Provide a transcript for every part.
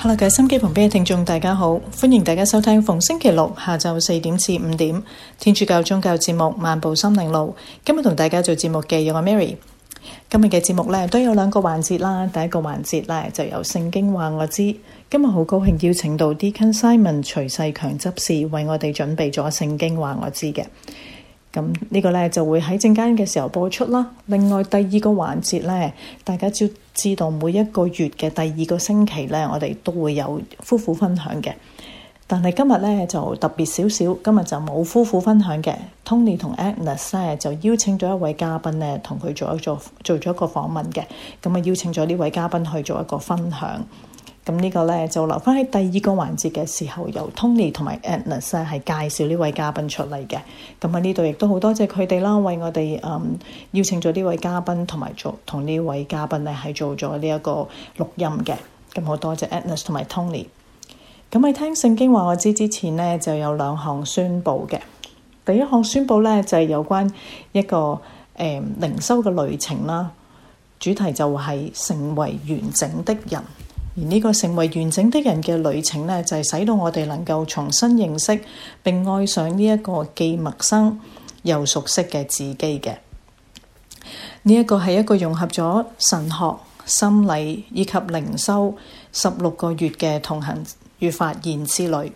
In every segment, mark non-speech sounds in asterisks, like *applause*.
Hello 各位心機旁邊嘅聽眾大家好，歡迎大家收聽逢星期六下晝四點至五點天主教宗教節目《漫步心靈路》。今日同大家做節目嘅有我 Mary。今日嘅節目咧都有兩個環節啦，第一個環節咧就由聖經話我知。今日好高興邀請到 Deacon Simon 徐世強執事為我哋準備咗聖經話我知嘅。咁呢個呢就會喺正間嘅時候播出啦。另外第二個環節呢，大家就知道每一個月嘅第二個星期呢，我哋都會有夫婦分享嘅。但係今日呢，就特別少少，今日就冇夫婦分享嘅。Tony 同 Agnes 咧就邀請咗一位嘉賓呢，同佢做一做做咗一個訪問嘅。咁、嗯、啊、邀請咗呢位嘉賓去做一個分享。咁呢個咧就留翻喺第二個環節嘅時候，由 Tony 同埋 Edness 咧係介紹呢位嘉賓出嚟嘅。咁、嗯、啊，呢度亦都好多謝佢哋啦，為我哋嗯邀請咗呢位嘉賓同埋做同呢位嘉賓咧係做咗呢一個錄音嘅。咁好多謝 Edness 同埋 Tony。咁、嗯、喺《聽聖經話我知》之前呢，就有兩項宣佈嘅。第一項宣佈咧就係、是、有關一個誒靈、呃、修嘅旅程啦，主題就係成為完整的人。而呢個成為完整的人嘅旅程呢，就係、是、使到我哋能夠重新認識並愛上呢一個既陌生又熟悉嘅自己嘅。呢、這、一個係一個融合咗神學、心理以及靈修十六個月嘅同行與發現之旅。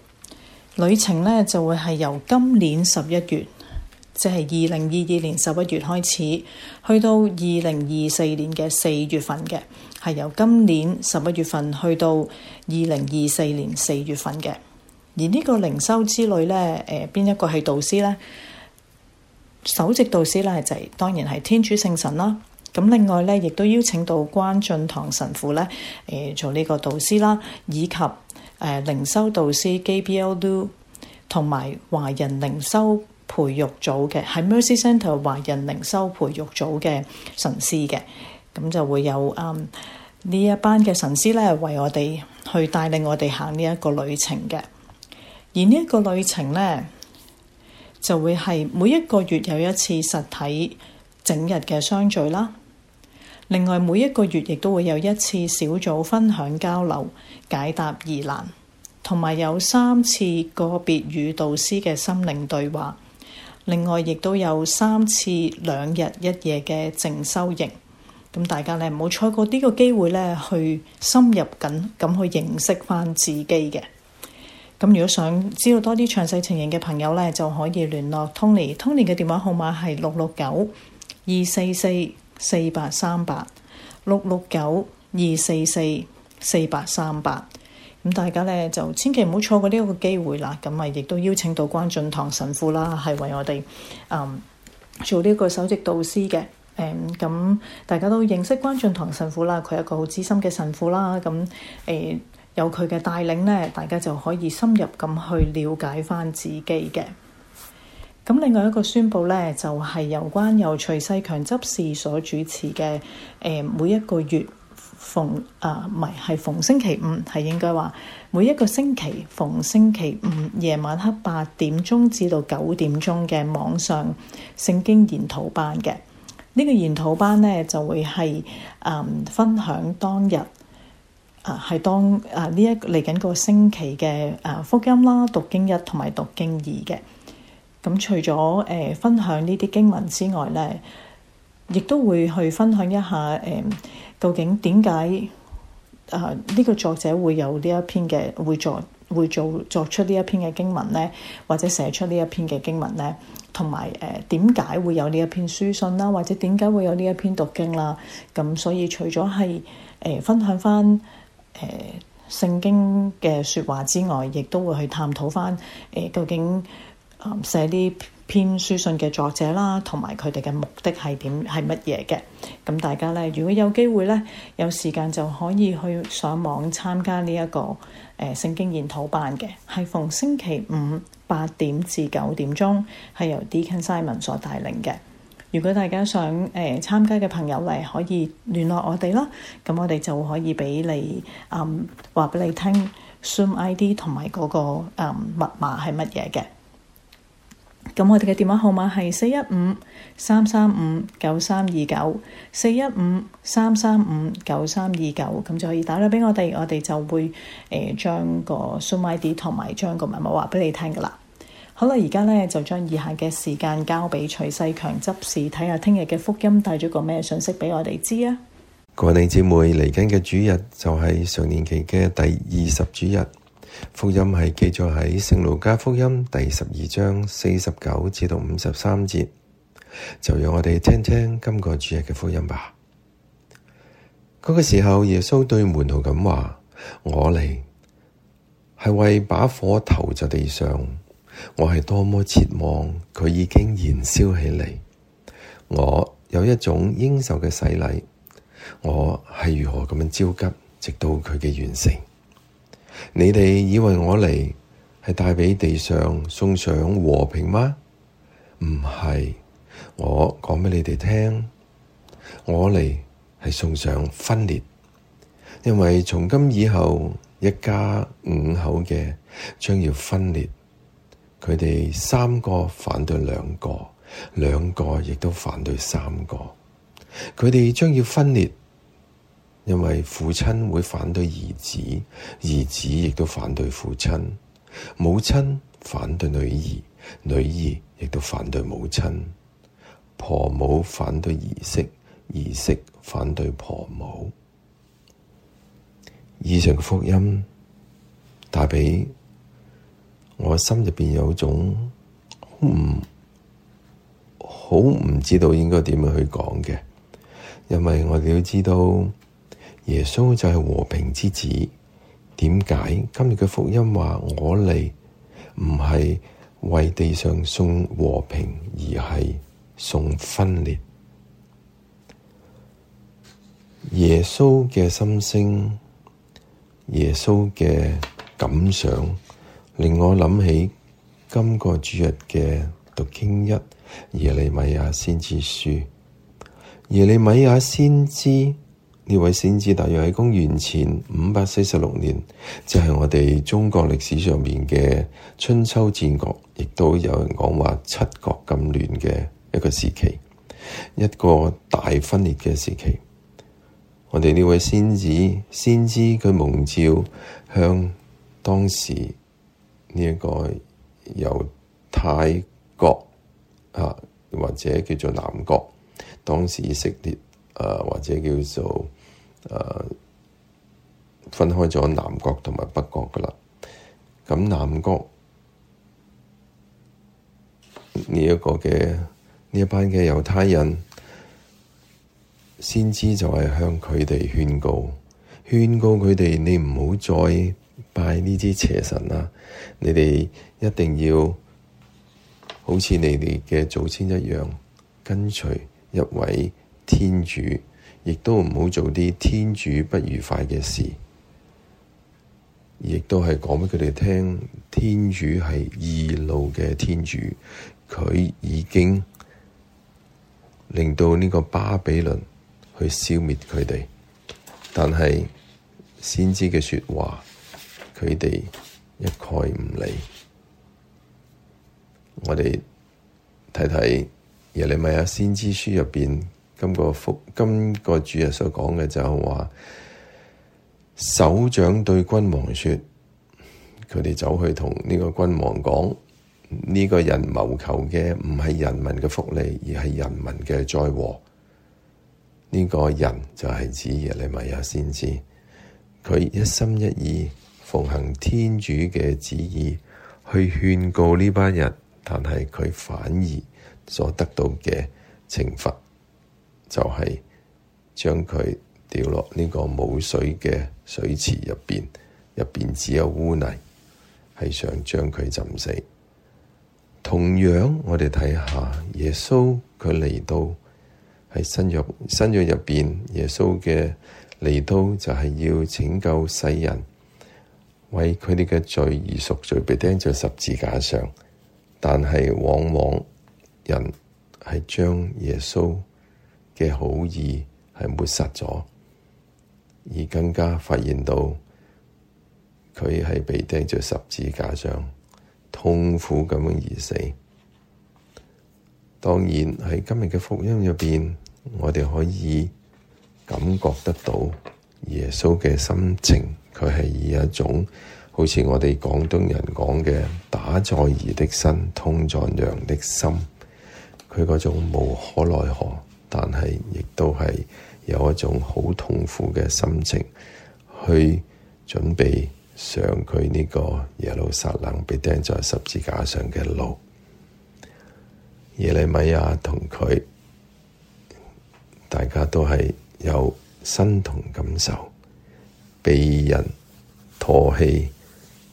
旅程呢，就會係由今年十一月，即係二零二二年十一月開始,去到二零二四年嘅四月份嘅。係由今年十一月份去到二零二四年四月份嘅，而呢個靈修之旅呢，誒、呃、邊一個係導師呢？首席導師呢，就係當然係天主聖神啦。咁另外呢，亦都邀請到關進堂神父呢，誒、呃、做呢個導師啦，以及誒靈、呃、修導師 KBLU 同埋華人靈修培育組嘅，係 Mercy Centre e 華人靈修培育組嘅神師嘅。咁就會有、um, 一呢一班嘅神師咧，為我哋去帶領我哋行呢一個旅程嘅。而呢一個旅程咧，就會係每一個月有一次實體整日嘅相聚啦。另外，每一個月亦都會有一次小組分享交流、解答疑難，同埋有，有三次個別與導師嘅心靈對話。另外，亦都有三次兩日一夜嘅靜修營。咁大家咧唔好錯過呢個機會咧，去深入緊咁去認識翻自己嘅。咁如果想知道多啲詳細情形嘅朋友咧，就可以聯絡 Tony，Tony 嘅 Tony 電話號碼係六六九二四四四八三八六六九二四四四八三八。咁大家咧就千祈唔好錯過呢一個機會啦。咁啊，亦都邀請到關進堂神父啦，係為我哋嗯做呢一個首席導師嘅。誒咁、嗯，大家都認識關俊棠神父啦，佢係一個好知心嘅神父啦。咁、嗯、誒、嗯，有佢嘅帶領咧，大家就可以深入咁去了解翻自己嘅。咁、嗯、另外一個宣佈咧，就係、是、有關由徐世強執事所主持嘅誒、嗯，每一個月逢啊，唔係係逢星期五係應該話每一個星期逢星期五夜晚黑八點鐘至到九點鐘嘅網上聖經研討班嘅。呢個研討班咧，就會係，嗯，分享當日啊，係當啊，呢一嚟緊個星期嘅啊福音啦、讀經一同埋讀經二嘅。咁、嗯、除咗誒、呃、分享呢啲經文之外咧，亦都會去分享一下誒、啊、究竟點解啊呢、呢個作者會有呢一篇嘅會作會做作出呢一篇嘅經文咧，或者寫出呢一篇嘅經文咧？同埋誒點解會有呢一篇書信啦，或者點解會有呢一篇讀經啦？咁、啊、所以除咗係誒分享返誒聖經嘅説話之外，亦都會去探討返誒、呃、究竟寫呢篇書信嘅作者啦，同埋佢哋嘅目的係點係乜嘢嘅？咁大家咧，如果有機會咧，有時間就可以去上網參加呢、這、一個。誒聖經研討班嘅係逢星期五八點至九點鐘，係由 Dickinson 所帶領嘅。如果大家想誒、呃、參加嘅朋友嚟，可以聯絡我哋啦。咁我哋就可以俾你誒，話俾你聽 Zoom ID 同埋嗰個、嗯、密碼係乜嘢嘅。咁我哋嘅電話號碼係四一五三三五九三二九，四一五三三五九三二九，咁就可以打咗俾我哋，我哋就會誒、呃、將個 Zoom ID 同埋將個密碼話俾你聽噶啦。好啦，而家咧就將以下嘅時間交畀徐世強執事，睇下聽日嘅福音帶咗個咩信息畀我哋知啊！各位姊妹，嚟緊嘅主日就係上年期嘅第二十主日。福音係記載喺《聖路加福音》第十二章四十九至到五十三節，就讓我哋聽聽今個主日嘅福音吧。嗰 *noise* 個時候，耶穌對門徒咁話：我嚟係為把火投在地上。我係多麼切望佢已經燃燒起嚟。我有一種應受嘅洗禮。我係如何咁樣焦急，直到佢嘅完成。你哋以為我嚟係帶畀地上送上和平嗎？唔係，我講畀你哋聽，我嚟係送上分裂。因為從今以後，一家五口嘅將要分裂，佢哋三個反對兩個，兩個亦都反對三個，佢哋將要分裂。因為父親會反對兒子，兒子亦都反對父親；母親反對女兒，女兒亦都反對母親；婆母反對兒媳，兒媳反對婆母。以上嘅福音帶俾我心入面有種唔好唔知道應該點樣去講嘅，因為我哋都知道。耶穌就係和平之子，點解今日嘅福音話我嚟唔係為地上送和平，而係送分裂？耶穌嘅心聲，耶穌嘅感想，令我諗起今個主日嘅讀經一，耶利米亞先知書，耶利米亞先知。呢位先知大約喺公元前五百四十六年，就係、是、我哋中國歷史上邊嘅春秋戰國，亦都有人講話七國咁亂嘅一個時期，一個大分裂嘅時期。我哋呢位先知先知佢蒙召向當時呢一個猶大國啊，或者叫做南國，當時以色列。誒、啊、或者叫做誒、啊、分開咗南國同埋北國㗎啦。咁南國呢一、這個嘅呢一班嘅猶太人先知就係向佢哋勸告，勸告佢哋：你唔好再拜呢支邪神啦。你哋一定要好似你哋嘅祖先一樣，跟隨一位。天主亦都唔好做啲天主不愉快嘅事，亦都係講畀佢哋聽。天主係異路嘅天主，佢已經令到呢個巴比倫去消滅佢哋，但係先知嘅說話，佢哋一概唔理。我哋睇睇耶利米亞先知書入邊。今個今個主日所講嘅就係話，首長對君王説：佢哋走去同呢個君王講，呢個人謀求嘅唔係人民嘅福利，而係人民嘅災禍。呢個人就係指耶肋米亞先知，佢一心一意奉行天主嘅旨意去勸告呢班人，但係佢反而所得到嘅懲罰。就係將佢掉落呢個冇水嘅水池入邊，入邊只有污泥，係想將佢浸死。同樣，我哋睇下耶穌佢嚟到喺新約新約入邊，耶穌嘅嚟到就係要拯救世人，為佢哋嘅罪而贖罪，被釘在十字架上。但係往往人係將耶穌嘅好意係抹殺咗，而更加發現到佢係被釘在十字架上，痛苦咁樣而死。當然喺今日嘅福音入邊，我哋可以感覺得到耶穌嘅心情，佢係以一種好似我哋廣東人講嘅打在兒的身，痛在娘的心，佢嗰種無可奈何。但係，亦都係有一種好痛苦嘅心情，去準備上佢呢個耶路撒冷被釘在十字架上嘅路。耶利米亞同佢，大家都係有身同感受，被人唾棄、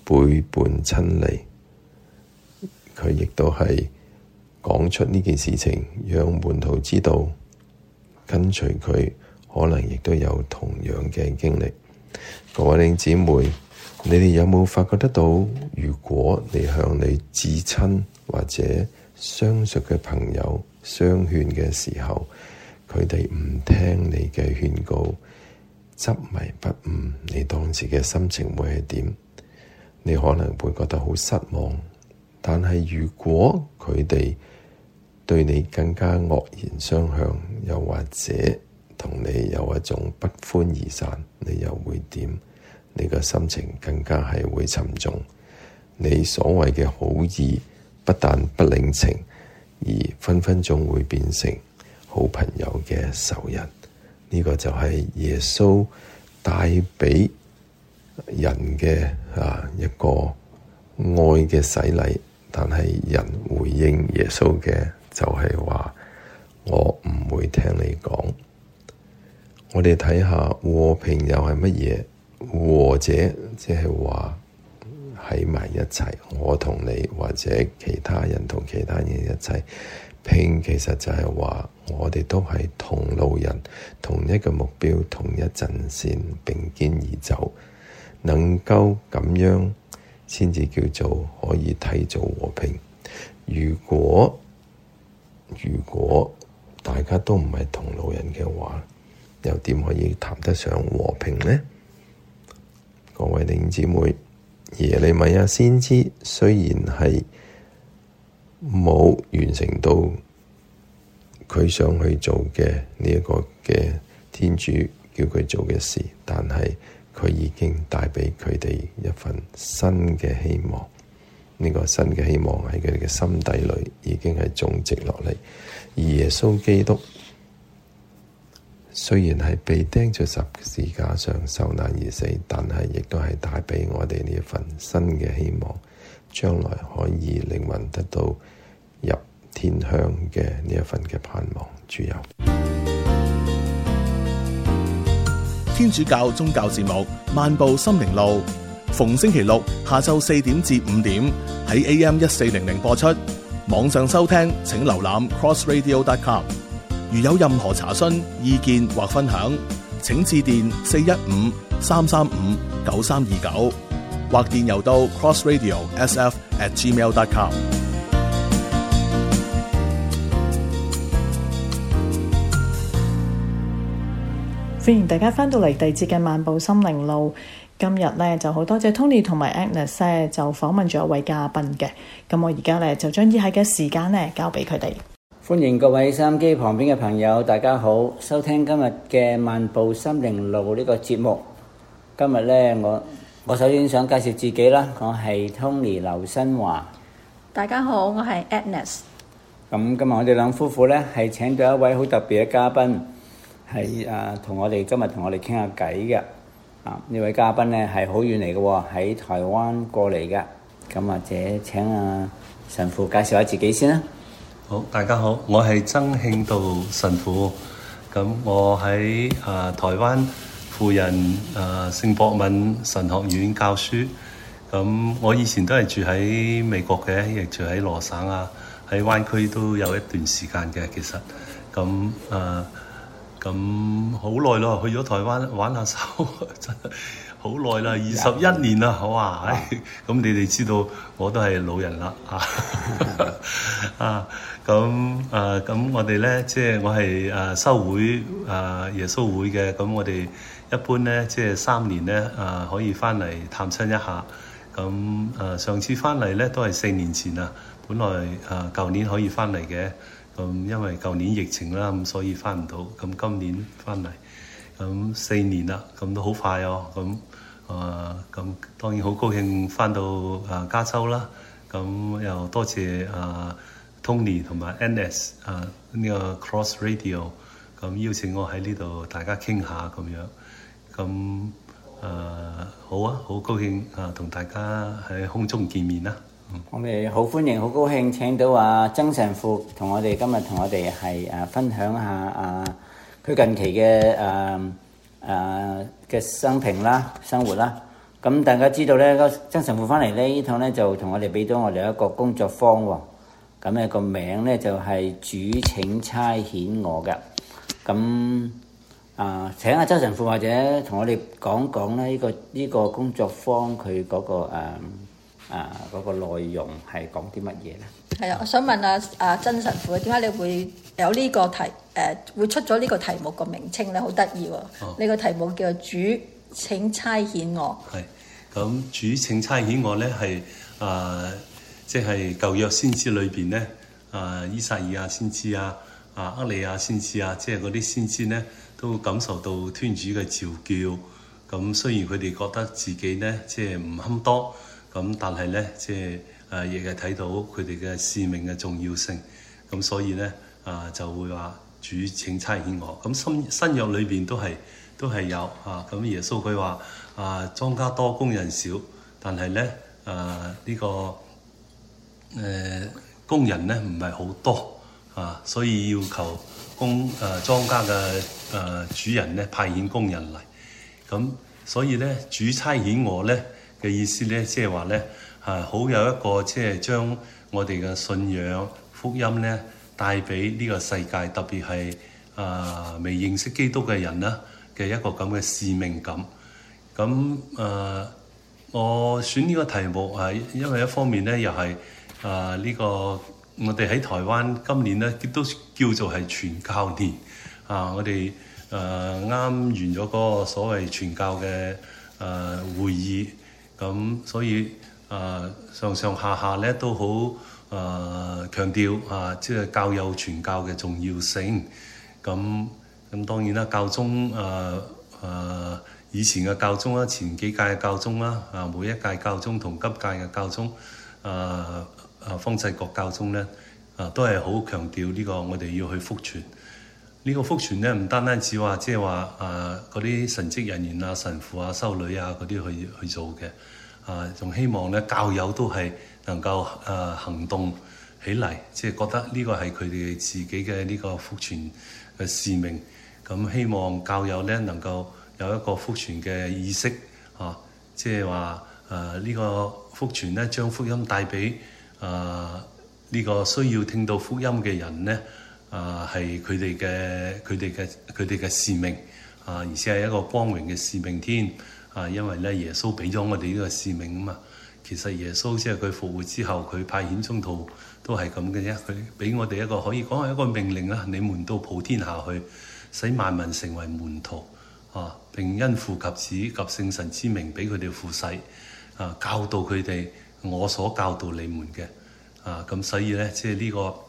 背叛親、親離，佢亦都係講出呢件事情，讓門徒知道。跟隨佢，可能亦都有同樣嘅經歷。各位弟兄姊妹，你哋有冇發覺得到，如果你向你至親或者相熟嘅朋友相勸嘅時候，佢哋唔聽你嘅勸告，執迷不悟，你當時嘅心情會係點？你可能會覺得好失望。但係如果佢哋對你更加惡言相向，又或者同你有一種不歡而散，你又會點？你個心情更加係會沉重。你所謂嘅好意不但不領情，而分分鐘會變成好朋友嘅仇人。呢個就係耶穌帶畀人嘅啊一個愛嘅洗禮，但係人回應耶穌嘅。就係話我唔會聽你講。我哋睇下和平又係乜嘢，或者即係話喺埋一齊，我同你或者其他人同其他人一齊拼，平其實就係話我哋都係同路人，同一個目標，同一陣線並肩而走，能夠咁樣先至叫做可以締造和平。如果如果大家都唔係同路人嘅話，又點可以談得上和平呢？各位領姊妹，耶利米亞先知雖然係冇完成到佢想去做嘅呢一個嘅天主叫佢做嘅事，但係佢已經帶畀佢哋一份新嘅希望。呢個新嘅希望喺佢哋嘅心底裏。已經係種植落嚟。而耶穌基督雖然係被釘咗十字架上受難而死，但係亦都係帶俾我哋呢一份新嘅希望，將來可以靈魂得到入天鄉嘅呢一份嘅盼望。主有天主教宗教節目《漫步心靈路》，逢星期六下晝四點至五點喺 A.M. 一四零零播出。網上收聽，請瀏覽 crossradio.com。如有任何查詢、意見或分享，請致電四一五三三五九三二九，或電郵到 crossradio_sf@gmail.com。Com 歡迎大家翻到嚟地節嘅漫步心靈路。今日咧就好多謝 Tony 同埋 Anita 咧，就訪問咗一位嘉賓嘅。咁我而家咧就將以下嘅時間咧交俾佢哋。歡迎各位收音機旁邊嘅朋友，大家好，收聽今日嘅《漫步心靈路》呢個節目。今日咧我我首先想介紹自己啦，我係 Tony 劉新華。大家好，我係 Anita。咁今日我哋兩夫婦咧係請到一位好特別嘅嘉賓，係啊，同我哋今日同我哋傾下偈嘅。呢位嘉賓咧係好遠嚟嘅喎，喺台灣過嚟嘅。咁或者請阿神父介紹下自己先啦。好，大家好，我係曾慶道神父。咁我喺啊、呃、台灣輔仁啊聖、呃、博敏神學院教書。咁我以前都係住喺美國嘅，亦住喺羅省啊，喺灣區都有一段時間嘅。其實咁啊。咁好耐咯，去咗台灣玩下手，呵呵真係好耐啦，二十一年啦，好哇！咁 Yeah. *laughs* 你哋知道我都係老人啦，啊 *laughs* 啊咁啊咁，我哋咧即係我係啊修會啊耶穌會嘅，咁我哋一般咧即係三年咧啊可以翻嚟探親一下，咁啊上次翻嚟咧都係四年前啊，本來啊舊年可以翻嚟嘅。咁因為舊年疫情啦，咁所以返唔到，咁今年返嚟，咁四年啦，咁都好快哦，咁啊咁當然好高興返到啊加州啦，咁又多謝啊 Tony 同埋 NS 啊呢個 Cross Radio 咁邀請我喺呢度大家傾下咁樣，咁啊好啊，好高興啊同大家喺空中見面啦～我哋好歡迎、好高興請到阿、啊、曾神父同我哋今日同我哋係誒分享下阿、啊、佢近期嘅誒誒嘅生平啦、生活啦。咁、嗯、大家知道咧，曾神父翻嚟呢，趟呢套咧就同我哋俾咗我哋一個工作坊喎、哦。咁、嗯、呢、這個名咧就係、是、主請差遣我嘅。咁、嗯、啊，請阿、啊、曾神父或者同我哋講講咧呢、這個呢、這個工作坊，佢嗰、那個、啊啊！嗰、那個內容係講啲乜嘢咧？係啊，我想問啊啊，真神父點解你會有呢個題？誒、啊，會出咗呢個題目個名稱咧，好得意喎！呢、哦、個題目叫主請差遣我。係咁，主請差遣我咧，係啊，即、就、係、是、舊約先知裏邊咧，啊，伊撒意亞先知啊，啊，厄利亞先知啊，即係嗰啲先知咧，都感受到天主嘅召叫。咁雖然佢哋覺得自己咧，即係唔堪當。咁但係咧，即係誒，亦係睇到佢哋嘅使命嘅重要性。咁所以咧，啊、呃、就會話主請差遣我。咁、嗯、新新約裏邊都係都係有啊。咁耶穌佢話啊，莊家多工人少，但係咧啊呢、這個誒、呃、工人咧唔係好多啊，所以要求工誒、呃、莊家嘅誒、呃、主人咧派遣工人嚟。咁、嗯、所以咧，主差遣我咧。嘅意思咧，即係話咧，啊，好有一個即係將我哋嘅信仰福音咧帶畀呢個世界，特別係啊未認識基督嘅人啦嘅一個咁嘅使命感。咁啊，我選呢個題目啊，因為一方面咧又係啊呢個我哋喺台灣今年咧亦都叫做係傳教年啊，我哋啊啱完咗嗰個所謂傳教嘅啊會議。咁、嗯、所以啊、呃，上上下下咧都好、呃、啊，強調啊，即係教友傳教嘅重要性。咁、嗯、咁、嗯、當然啦，教宗啊啊、呃，以前嘅教宗啦，前幾屆嘅教宗啦，啊每一屆教宗同今屆嘅教宗啊啊方濟各教宗咧啊，都係好強調呢、這個我哋要去復傳。個呢個福傳咧，唔單單只話，即係話啊嗰啲神職人員啊、神父啊、修女啊嗰啲去去做嘅啊，仲、呃、希望咧教友都係能夠啊、呃、行動起嚟，即係覺得呢個係佢哋自己嘅呢個福傳嘅使命。咁希望教友咧能夠有一個福傳嘅意識，嚇，即係話啊，呢個福傳咧，將福音帶畀啊呢個需要聽到福音嘅人咧。啊，係佢哋嘅，佢哋嘅，佢哋嘅使命啊，而且係一個光榮嘅使命添啊！因為咧，耶穌畀咗我哋呢個使命啊嘛。其實耶穌即係佢復活之後，佢派遣宗徒都係咁嘅啫。佢畀我哋一個可以講係一個命令啦，你們都普天下去，使萬民成為門徒啊！並因父及子及聖神之名，畀佢哋付洗啊，教導佢哋我所教導你們嘅啊！咁所以咧，即係呢個。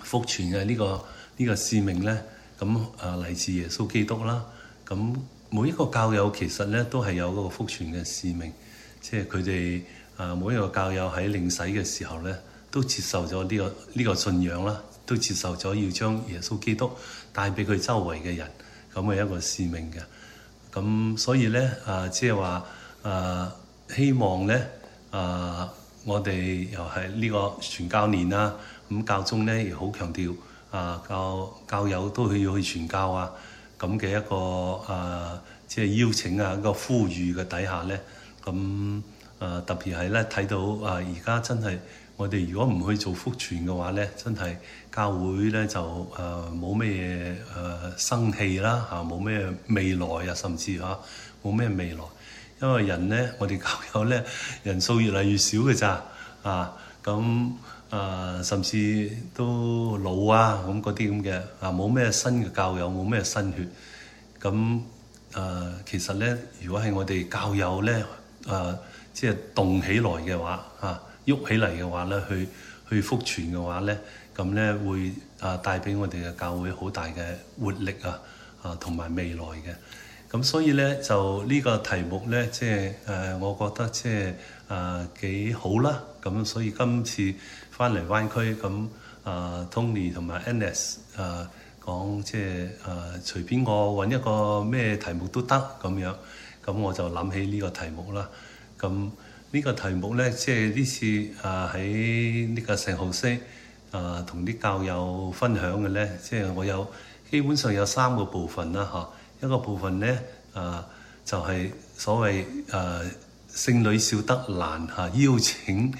福傳嘅呢、呢個呢、呢個使命咧，咁啊嚟自耶穌基督啦。咁每一個教友其實咧都係有嗰個福傳嘅使命，即係佢哋啊每一個教友喺領洗嘅時候咧，都接受咗呢、呢個呢、呢個信仰啦，都接受咗要將耶穌基督帶俾佢周圍嘅人咁嘅一個使命嘅。咁所以咧啊，即係話啊，希望咧啊，我哋又係呢個傳教年啦、啊。咁教宗咧，亦好強調啊，教教友都要去傳教啊，咁嘅一個啊，即、呃、係、就是、邀請啊，一個呼籲嘅底下咧，咁、嗯、啊、呃、特別係咧睇到啊，而家真係我哋如果唔去做福傳嘅話咧，真係教會咧就誒冇咩誒生氣啦、啊、嚇，冇咩未來啊，甚至嚇冇咩未來，因為人咧，我哋教友咧人數越嚟越少嘅咋啊咁。嗯。啊，甚至都老啊，咁嗰啲咁嘅啊，冇咩新嘅教友，冇咩新血。咁啊，其實咧，如果係我哋教友咧，啊，即係動起來嘅話，啊，喐起嚟嘅話咧、啊，去去福傳嘅話咧，咁咧會啊，會帶俾我哋嘅教會好大嘅活力啊，啊，同埋未來嘅。咁、啊、所以咧，就呢個題目咧，即係誒、啊，我覺得即係啊幾好啦。咁、啊、所以今次。.返嚟灣區咁，啊 Tony 同埋 Annis 啊講，即係啊隨便我揾一個咩題目都得咁樣，咁我就諗起呢個題目啦。咁呢個題目咧，即係呢次啊喺呢個聖號息啊同啲教友分享嘅咧，即係我有基本上有三個部分啦嚇。一個部分咧啊就係所謂啊聖女小德蘭嚇邀請。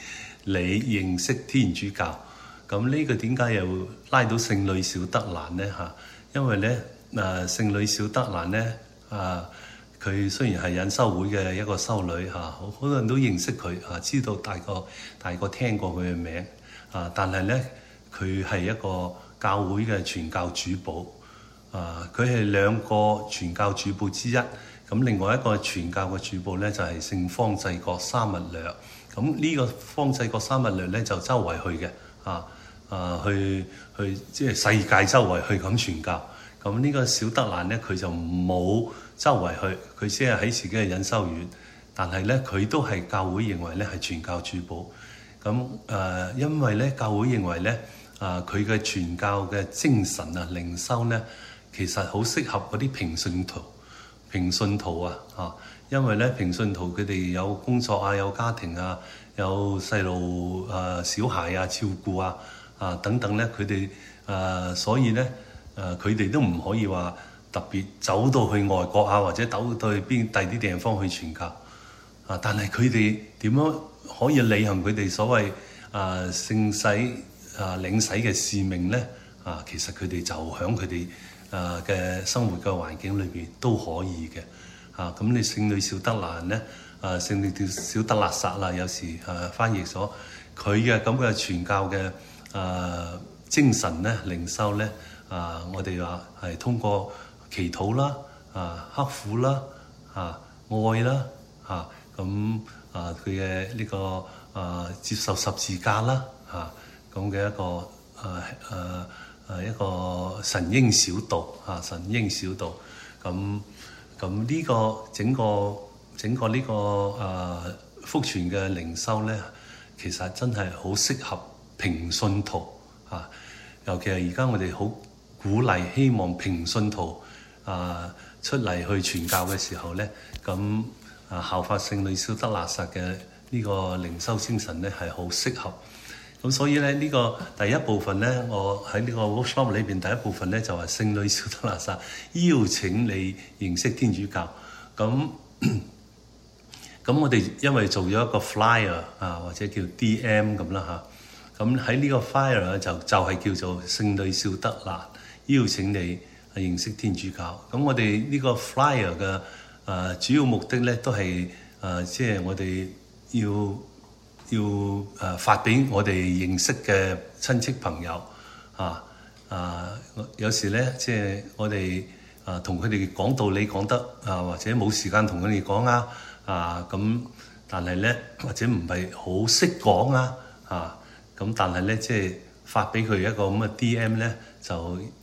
你認識天主教，咁呢個點解又拉到聖女小德蘭呢？嚇，因為咧，啊聖女小德蘭呢，啊佢、呃啊、雖然係隱修會嘅一個修女，嚇、啊、好多人都認識佢，啊知道大個大個聽過佢嘅名，啊但係呢，佢係一個教會嘅傳教主保，啊佢係兩個傳教主保之一，咁另外一個傳教嘅主保呢，就係、是、聖方濟各沙勿略。咁呢個方濟各三日略咧就周圍去嘅，啊啊去去即係、就是、世界周圍去咁傳教。咁呢個小德蘭咧佢就冇周圍去，佢只係喺自己嘅隱修院。但係咧佢都係教會認為咧係傳教主保。咁、啊、誒，因為咧教會認為咧啊佢嘅傳教嘅精神啊靈修咧，其實好適合嗰啲平信徒、平信徒啊嚇。啊因為咧，平信徒佢哋有工作啊，有家庭啊，有細路啊、小孩啊照顧啊啊等等咧，佢哋啊，所以咧，誒佢哋都唔可以話特別走到去外國啊，或者走到去邊第啲地方去傳教啊。但係佢哋點樣可以履行佢哋所謂啊聖洗啊領洗嘅使命咧？啊，其實佢哋就喺佢哋誒嘅生活嘅環境裏邊都可以嘅。嚇！咁你聖女小德蘭咧，啊聖女條小德垃圾啦，有時啊翻譯咗佢嘅咁嘅傳教嘅啊精神咧，靈修咧啊，我哋話係通過祈禱啦，啊刻苦啦，嚇愛啦，嚇咁啊佢嘅呢個啊接受十字架啦，嚇咁嘅一個啊啊啊一個神嬰小道嚇神嬰小道咁。咁呢個整個整個、這個啊、福呢個誒福傳嘅靈修咧，其實真係好適合平信徒嚇、啊，尤其係而家我哋好鼓勵希望平信徒啊出嚟去傳教嘅時候咧，咁啊效法聖女小德肋撒嘅呢個靈修精神咧，係好適合。咁所以咧，呢個第一部分咧，我喺呢個 workshop 裏邊第一部分咧就係聖女小德肋撒邀請你認識天主教。咁咁我哋因為做咗一個 flyer 啊，或者叫 DM 咁啦嚇。咁喺呢個 flyer 就就係叫做聖女小德肋邀請你認識天主教。咁我哋呢個 flyer 嘅誒主要目的咧都係誒，即係我哋要。要誒發俾我哋認識嘅親戚朋友，啊啊有時咧，即係我哋啊同佢哋講道理講得啊，或者冇時間同佢哋講啊，啊咁，但係咧或者唔係好識講啊，啊咁，但係咧即係發俾佢一個咁嘅 DM 咧，就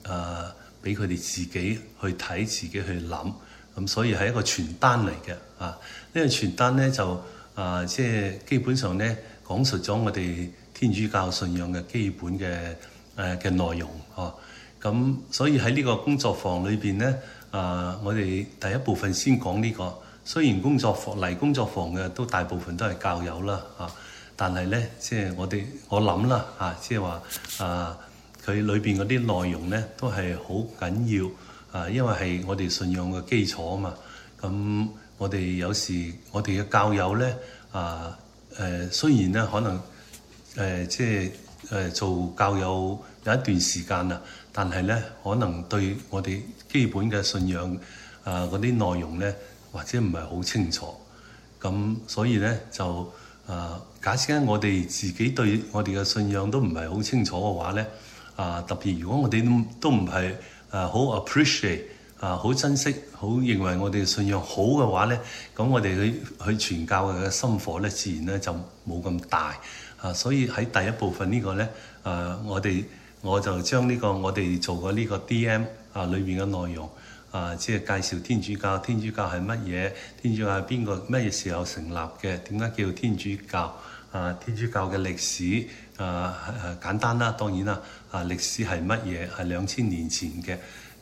誒俾佢哋自己去睇，自己去諗，咁所以係一個傳單嚟嘅，啊呢個傳單咧就。啊，即係基本上咧，講述咗我哋天主教信仰嘅基本嘅誒嘅內容啊。咁，啊，所以喺呢個工作坊裏邊咧，啊，我哋第一部分先講呢個。雖然工作坊嚟工作坊嘅都大部分都係教友啦，啊，但係咧，即係我哋我諗啦，啊，即係話啊，佢裏邊嗰啲內容咧都係好緊要啊，因為係我哋信仰嘅基礎啊嘛。咁，啊我哋有時，我哋嘅教友咧，啊，誒、呃，雖然咧可能，誒、呃，即係誒做教友有一段時間啦，但係咧可能對我哋基本嘅信仰啊嗰啲內容咧，或者唔係好清楚，咁所以咧就啊，假設咧我哋自己對我哋嘅信仰都唔係好清楚嘅話咧，啊，特別如果我哋都唔係啊好 appreciate。啊！好珍惜，好認為我哋信仰好嘅話呢，咁我哋去去傳教嘅心火呢，自然呢就冇咁大啊！所以喺第一部分呢個呢，啊，我哋我就將呢個我哋做過呢個 D.M 啊裏面嘅內容啊，即係介紹天主教。天主教係乜嘢？天主教係邊個？乜嘢時候成立嘅？點解叫天主教？啊，天主教嘅歷史啊，啊，簡單啦，當然啦，啊，歷史係乜嘢？係兩千年前嘅。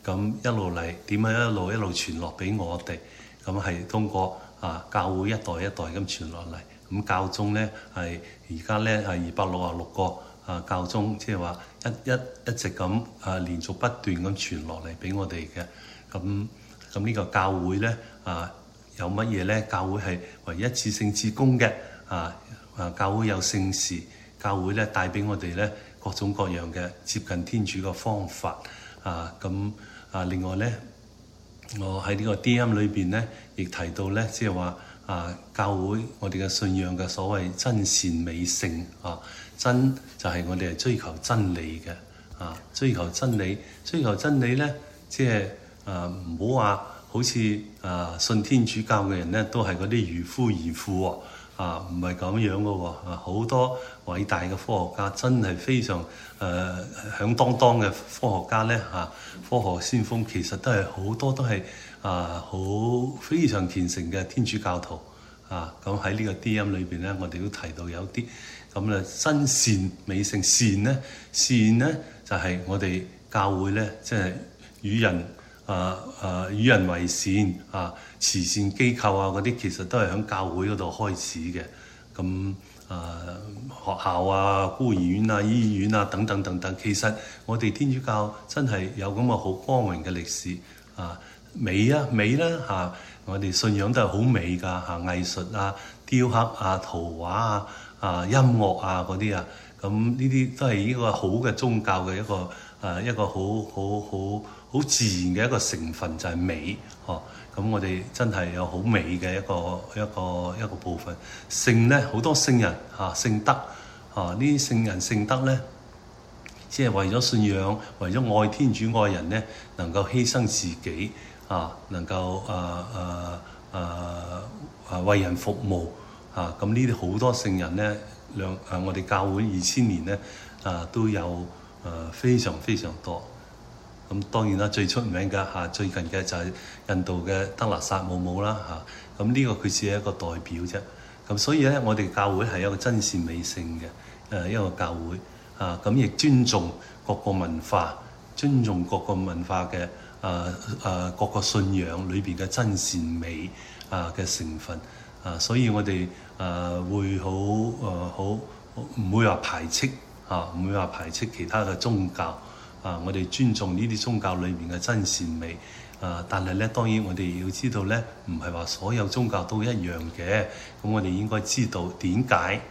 咁一路嚟點樣一路一路傳落俾我哋？咁係通過啊教會一代一代咁傳落嚟，咁教宗咧係而家咧係二百六啊六個啊教宗，即係話一一一直咁啊連續不斷咁傳落嚟俾我哋嘅。咁咁呢個教會咧啊有乜嘢咧？教會係唯一至聖至公嘅啊啊教會有聖事，教會咧帶俾我哋咧各種各樣嘅接近天主嘅方法啊咁。啊啊！另外咧，我喺呢個 DM 裏邊咧，亦提到咧，即係話啊，教會我哋嘅信仰嘅所謂真善美性啊，真就係我哋係追求真理嘅啊，追求真理，追求真理咧，即係啊，唔好話好似啊，信天主教嘅人咧，都係嗰啲愚夫愚婦喎。啊，唔係咁樣喎、哦！好、啊、多偉大嘅科學家，真係非常誒響、呃、當當嘅科學家咧嚇、啊，科學先鋒其實都係好多都係啊，好非常虔誠嘅天主教徒啊。咁、啊、喺呢個 DM 裏邊咧，我哋都提到有啲咁嘅真善美性善咧，善咧就係、是、我哋教會咧，即係與人。啊啊！與人為善啊，慈善機構啊，嗰啲其實都係喺教會嗰度開始嘅。咁啊，學校啊、孤兒院啊、醫院啊等等等等，其實我哋天主教真係有咁嘅好光榮嘅歷史啊！美啊，美啦、啊、嚇、啊！我哋信仰都係好美㗎嚇、啊，藝術啊、雕刻啊、圖畫啊、啊音樂啊嗰啲啊，咁呢啲都係呢個好嘅宗教嘅一個啊一個好好、啊、好。好好好好自然嘅一個成分就係美，嗬！咁我哋真係有好美嘅一個一個一個部分。聖呢，好多聖人嚇，聖德嚇呢啲聖人聖德呢，即係為咗信仰，為咗愛天主愛人呢，能夠犧牲自己啊，能夠啊啊啊為人服務啊！咁呢啲好多聖人呢，兩啊我哋教會二千年呢，啊都有啊非常非常多。咁當然啦，最出名嘅嚇，最近嘅就係印度嘅德肋撒姆姆啦嚇，咁、啊、呢、啊啊啊呢個佢只係一個代表啫。咁、啊、所以咧，我哋教會係一個真善美性嘅誒、啊、一個教會啊，咁、啊、亦尊重各個文化，尊重各個文化嘅誒誒各個信仰裏邊嘅真善美啊嘅成分啊，所以我哋誒、啊、會好誒好唔會話排斥嚇，唔、啊、會話排斥其他嘅宗教。啊！我哋尊重呢啲宗教裏面嘅真善美啊，但係咧當然我哋要知道咧，唔係話所有宗教都一樣嘅。咁我哋應該知道點解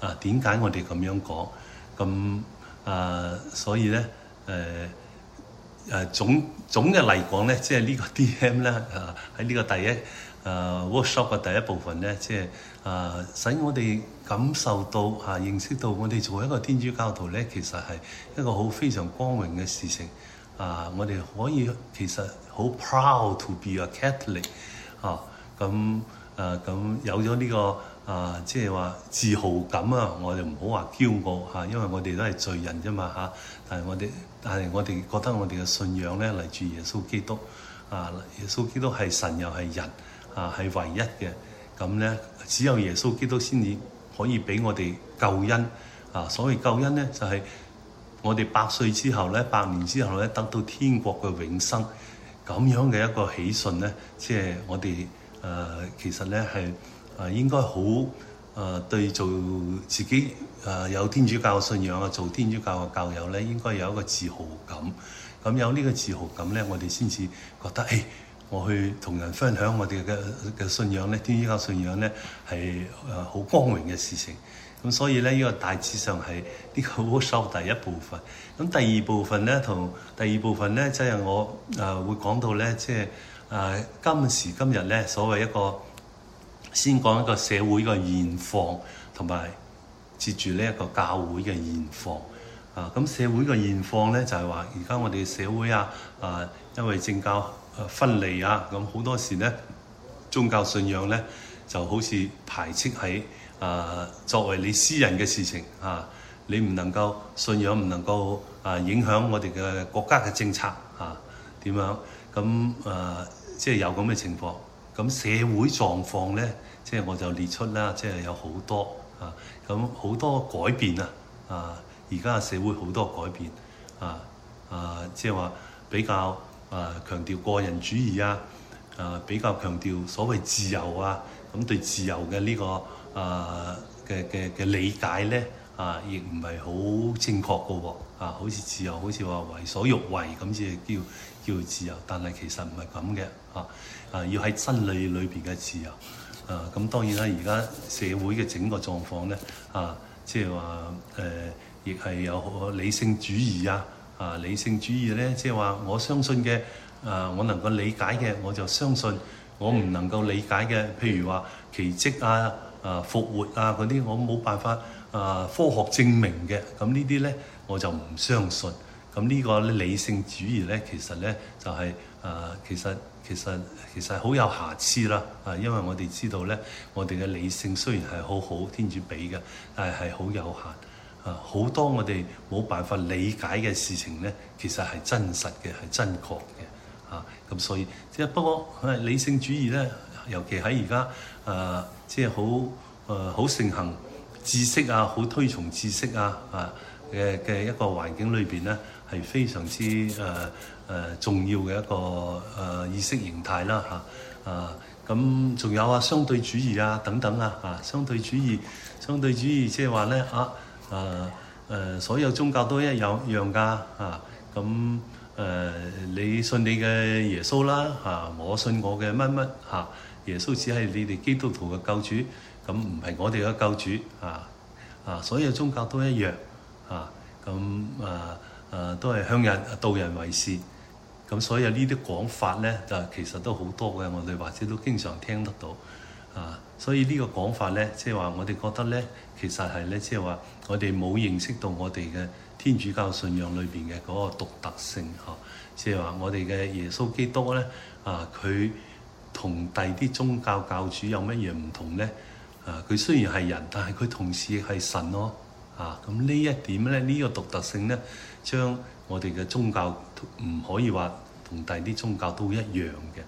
啊？點解我哋咁樣講？咁啊，所以咧誒誒總總嘅嚟講咧，即係呢個 DM 咧啊喺呢個第一啊 workshop 嘅第一部分咧，即係啊使我哋。感受到啊認識到我哋做一個天主教徒咧，其實係一個好非常光榮嘅事情啊！我哋可以其實好 proud to be a Catholic 啊，咁啊咁，啊啊啊，有咗呢、呢個啊即係話自豪感啊！我哋唔好話驕傲吓，啊，因為我哋都係罪人啫嘛，吓，但係我哋但係我哋覺得我哋嘅信仰咧嚟自耶穌基督啊！耶穌基督係神又係人啊，係唯一嘅咁咧，只有耶穌基督先至。可以畀我哋救恩啊！所謂救恩呢，就係、是、我哋百歲之後呢，百年之後呢，得到天國嘅永生。咁樣嘅一個喜訊呢，即係、就是、我哋誒、呃、其實呢，係誒、呃、應該好誒對做自己誒、呃、有天主教信仰啊，做天主教嘅教友呢，應該有一個自豪感。咁、嗯、有呢個自豪感呢，我哋先至覺得誒。我去同人分享我哋嘅嘅信仰咧，天主教信仰咧係誒好光榮嘅事情。咁所以咧，呢、這個大致上係呢、這個收第一部分。咁第二部分咧，同第二部分咧，即、就、係、是、我誒、呃、會講到咧，即係誒今時今日咧，所謂一個先講一個社會嘅現況，同埋接住呢一個教會嘅現況。啊、呃，咁、嗯、社會嘅現況咧，就係話而家我哋社會啊，誒、呃、因為政教。分離啊！咁好多時呢，宗教信仰呢就好似排斥喺誒作為你私人嘅事情啊，你唔能夠信仰，唔能夠誒影響我哋嘅國家嘅政策啊？點樣？咁誒即係有咁嘅情況。咁社會狀況呢，即係我就列出啦，即係有好多啊，咁好多改變啊！啊，而家嘅社會好多改變啊啊，即係話比較。啊，強調個人主義啊，啊比較強調所謂自由啊，咁對自由嘅呢、這個啊嘅嘅嘅理解咧，啊亦唔係好正確噶喎，啊，啊好似自由好似話為所欲為咁即係叫叫自由，但係其實唔係咁嘅，嚇啊要喺真理裏邊嘅自由，啊咁當然啦，而家社會嘅整個狀況咧，啊即係話誒亦係有理性主義啊。啊，理性主義呢，即係話我相信嘅，誒、啊，我能夠理解嘅，我就相信；我唔能夠理解嘅，嗯、譬如話奇蹟啊、誒、啊、復活啊啲，我冇辦法誒、啊、科學證明嘅，咁呢啲呢，我就唔相信。咁呢個理性主義呢，其實呢就係、是、誒、啊，其實其實其實好有瑕疵啦。誒、啊，因為我哋知道呢，我哋嘅理性雖然係好好天主俾嘅，但係好有限。好多我哋冇辦法理解嘅事情呢，其實係真實嘅，係真確嘅。咁、啊、所以即係不過，理性主義呢，尤其喺而家誒，即係好誒好盛行知識啊，好推崇知識啊啊嘅嘅一個環境裏邊呢，係非常之誒誒、啊啊、重要嘅一個誒、啊、意識形態啦嚇啊！咁仲有啊，相對主義啊等等啊嚇，相對主義，相對主義即係話呢。啊！誒誒，所有宗教都一樣樣㗎嚇。咁誒，你信你嘅耶穌啦嚇，我信我嘅乜乜嚇。耶穌只係你哋基督徒嘅救主，咁唔係我哋嘅救主啊啊！所有宗教都一樣嚇。咁誒誒，都係向人導人為善。咁、啊、所以呢啲講法咧，就其實都好多嘅。我哋或者都經常聽得到啊。所以呢個講法咧，即係話我哋覺得咧，其實係咧，即係話。我哋冇認識到我哋嘅天主教信仰裏邊嘅嗰個獨特性，呵，即係話我哋嘅耶穌基督咧，啊，佢同第啲宗教教主有乜嘢唔同咧？啊，佢雖然係人，但係佢同時係神咯，啊，啊，咁呢一點咧，呢、呢個獨特性咧，將我哋嘅宗教唔可以話同第啲宗教都一樣嘅。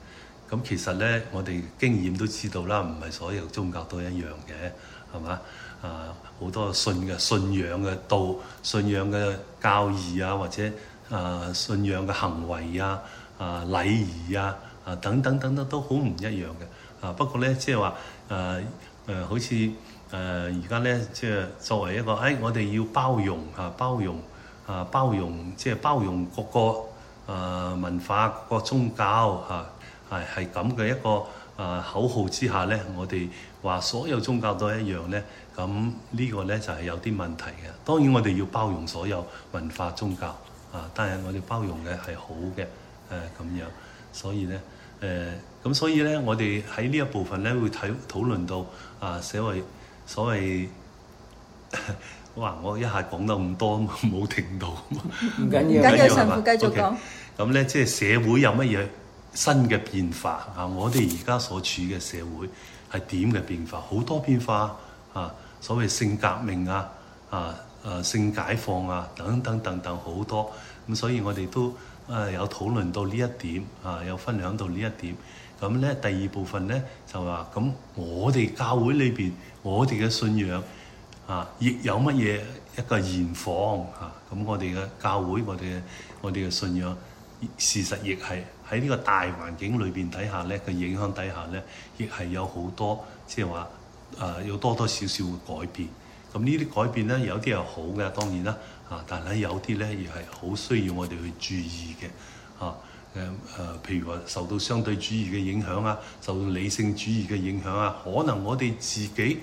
咁其實咧，我哋經驗都知道啦，唔係所有宗教都一樣嘅，係嘛？啊！好多信嘅信仰嘅道、信仰嘅教義啊，或者啊信仰嘅行為啊、啊禮儀啊、啊等等等等都好唔一樣嘅。啊，不過咧，即係話啊啊，呃、好似誒而家咧，即、呃、係作為一個誒、哎，我哋要包容啊，包容啊，包容即係、就是、包容各個誒、啊、文化、各個宗教嚇係係咁嘅一個誒口號之下咧，我哋話所有宗教都係一樣咧。咁呢個呢，就係、是、有啲問題嘅。當然我哋要包容所有文化宗教啊，但係我哋包容嘅係好嘅誒咁樣。所以呢，誒、呃、咁，所以呢，我哋喺呢一部分呢，會睇討論到啊，社會所謂所謂嘩我一下講得咁多冇停 *laughs* 到，唔緊要，繼續神父講。咁、okay, 呢，即、就、係、是、社會有乜嘢新嘅變化啊？我哋而家所處嘅社會係點嘅變化？好多變化啊！啊所謂性革命啊、啊、誒、啊、性解放啊等等等等好多，咁所以我哋都誒有討論到呢一點啊，有分享到呢一點。咁咧第二部分咧就話，咁我哋教會裏邊，我哋嘅信仰啊，亦有乜嘢一個現況啊？咁我哋嘅教會，我哋我哋嘅信仰事實亦係喺呢個大環境裏邊底下咧嘅影響底下咧，亦係有好多即係話。就是誒、啊、要多多少少會改變，咁呢啲改變咧，有啲係好嘅，當然啦，啊，但係有啲咧亦係好需要我哋去注意嘅，啊，誒、啊、誒，譬如話受到相對主義嘅影響啊，受到理性主義嘅影響啊，可能我哋自己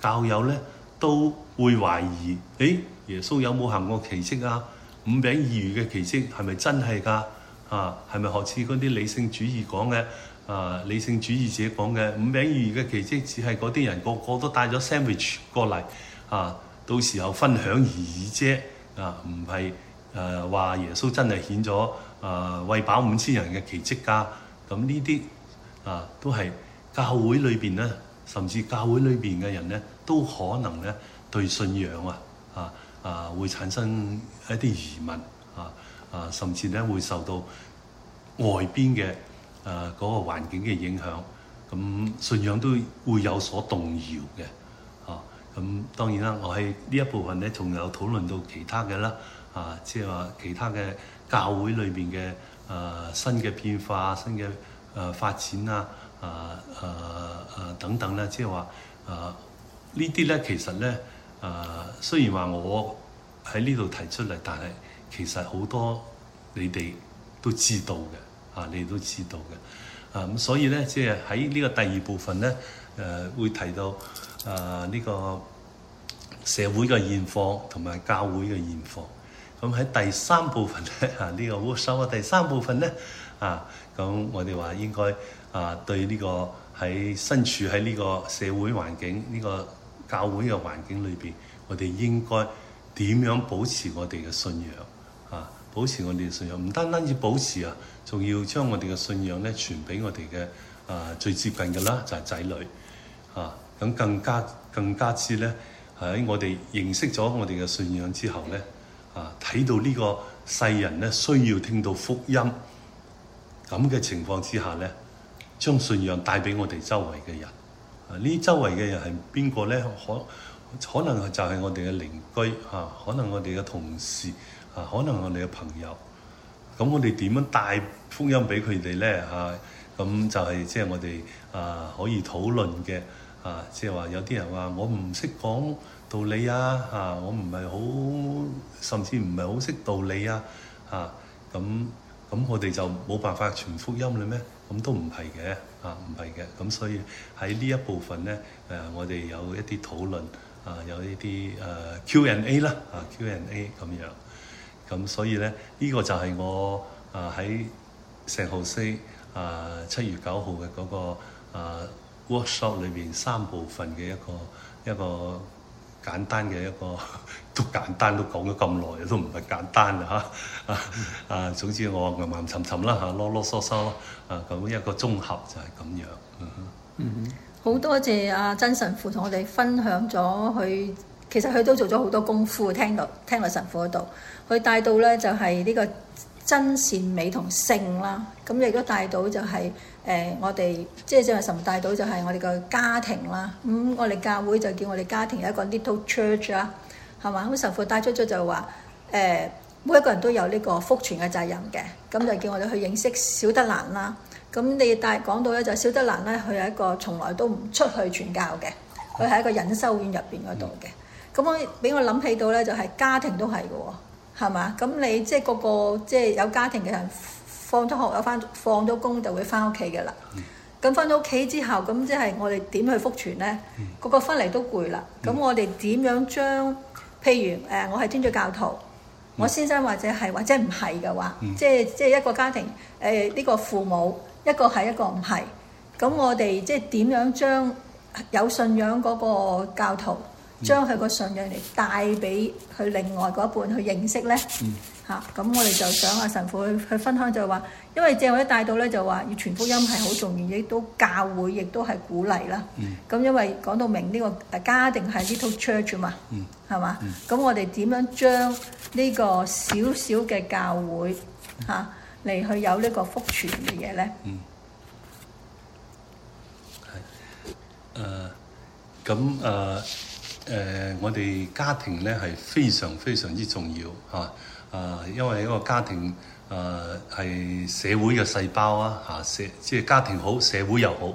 教友咧都會懷疑，誒、欸，耶穌有冇行過奇蹟啊？五餅二魚嘅奇蹟係咪真係㗎、啊？啊，係咪學似嗰啲理性主義講嘅？啊！理性主義者講嘅五餅二魚嘅奇蹟，只係嗰啲人個個都帶咗三文治過嚟，啊，到時候分享而已啫。啊，唔係誒話耶穌真係顯咗誒餵飽五千人嘅奇蹟㗎。咁呢啲啊，都係教會裏邊咧，甚至教會裏邊嘅人咧，都可能咧對信仰啊啊啊會產生一啲疑問啊啊，甚至咧會受到外邊嘅。誒嗰、呃那個環境嘅影響，咁、嗯、信仰都會有所動搖嘅，哦、啊，咁、嗯、當然啦，我喺呢一部分咧，仲有討論到其他嘅啦，啊，即係話其他嘅教會裏邊嘅誒新嘅變化、新嘅誒發展啊，誒誒誒等等咧，即係話誒呢啲咧，其實咧誒、啊、雖然話我喺呢度提出嚟，但係其實好多你哋都知道嘅。啊！你都知道嘅啊，咁所以咧，即係喺呢個第二部分咧，誒、呃、會提到啊呢、呃呢個社會嘅現況同埋教會嘅現況。咁、嗯、喺第三部分咧，啊呢、呢個收啊第三部分咧啊，咁、嗯、我哋話應該啊對呢、呢個喺身處喺呢個社會環境呢、呢個教會嘅環境裏邊，我哋應該點樣保持我哋嘅信仰啊？保持我哋嘅信仰，唔單單要保持啊。仲要將我哋嘅信仰咧傳俾我哋嘅啊最接近嘅啦，就係、是、仔女嚇。咁、啊、更加更加之咧，喺、啊、我哋認識咗我哋嘅信仰之後咧，啊睇到呢個世人咧需要聽到福音咁嘅情況之下咧，將信仰帶俾我哋周圍嘅人。呢、啊、周圍嘅人係邊個咧？可可能就係我哋嘅鄰居嚇、啊，可能我哋嘅同事嚇、啊，可能我哋嘅朋友。咁我哋點樣帶福音畀佢哋咧？嚇、啊，咁就係、是、即係我哋啊可以討論嘅啊，即係話有啲人話我唔識講道理啊，嚇、啊，我唔係好，甚至唔係好識道理啊，嚇、啊，咁咁我哋就冇辦法傳福音嘞咩？咁都唔係嘅，啊，唔係嘅，咁、啊啊、所以喺呢一部分咧，誒、啊，我哋有一啲討論啊，有一啲誒、啊、Q&A 啦，啊 Q&A 咁樣。咁所以咧，呢、這個就係我啊喺石浩西啊七月九號嘅嗰個啊 workshop 裏邊三部分嘅一個一個簡單嘅一個都簡單都講咗咁耐，都唔係簡單啊啊啊！總之我吟吟沉沉啦嚇，囉囉嗦嗦啊咁一個綜合就係咁樣。嗯、啊、哼，好、mm hmm. 多謝阿、啊、真神父同我哋分享咗去。其實佢都做咗好多功夫，聽到聽到神父嗰度，佢帶到咧就係、是、呢個真善美同聖啦。咁亦都帶到就係、是、誒、呃、我哋，即係正係神帶到就係我哋個家庭啦。咁、嗯、我哋教會就叫我哋家庭有一個 little church 啦，係嘛？咁神父帶出咗就話誒、呃，每一個人都有呢個福傳嘅責任嘅。咁就叫我哋去認識小德蘭啦。咁你帶講到咧就小德蘭咧，佢係一個從來都唔出去傳教嘅，佢喺一個隱修院入邊嗰度嘅。嗯咁我俾我諗起到咧，就係、是、家庭都係嘅喎，係嘛？咁你即係、就是、個個即係有家庭嘅人，放咗學有翻，放咗工就會翻屋企嘅啦。咁翻、嗯、到屋企之後，咁即係我哋點去福傳咧？嗯、個個翻嚟都攰啦。咁、嗯、我哋點樣將，譬如誒、呃，我係天主教徒，嗯、我先生或者係或者唔係嘅話，即係即係一個家庭誒，呢、呃呢個父母一個係一個唔係。咁我哋即係點樣將有信仰嗰個教徒？將佢個信仰嚟帶俾佢另外嗰一半去認識咧嚇，咁我哋就想阿神父去去分享，就係話，因為正位帶到咧就話要傳福音係好重要，亦都教會亦都係鼓勵啦。咁因為講到明呢個家庭係呢套 church 嘛，係嘛？咁我哋點樣將呢個小小嘅教會嚇嚟去有呢個福傳嘅嘢咧？係誒咁誒。誒、呃，我哋家庭咧係非常非常之重要嚇，啊，因為一個家庭啊係社會嘅細胞啊嚇，社即係家庭好，社會又好。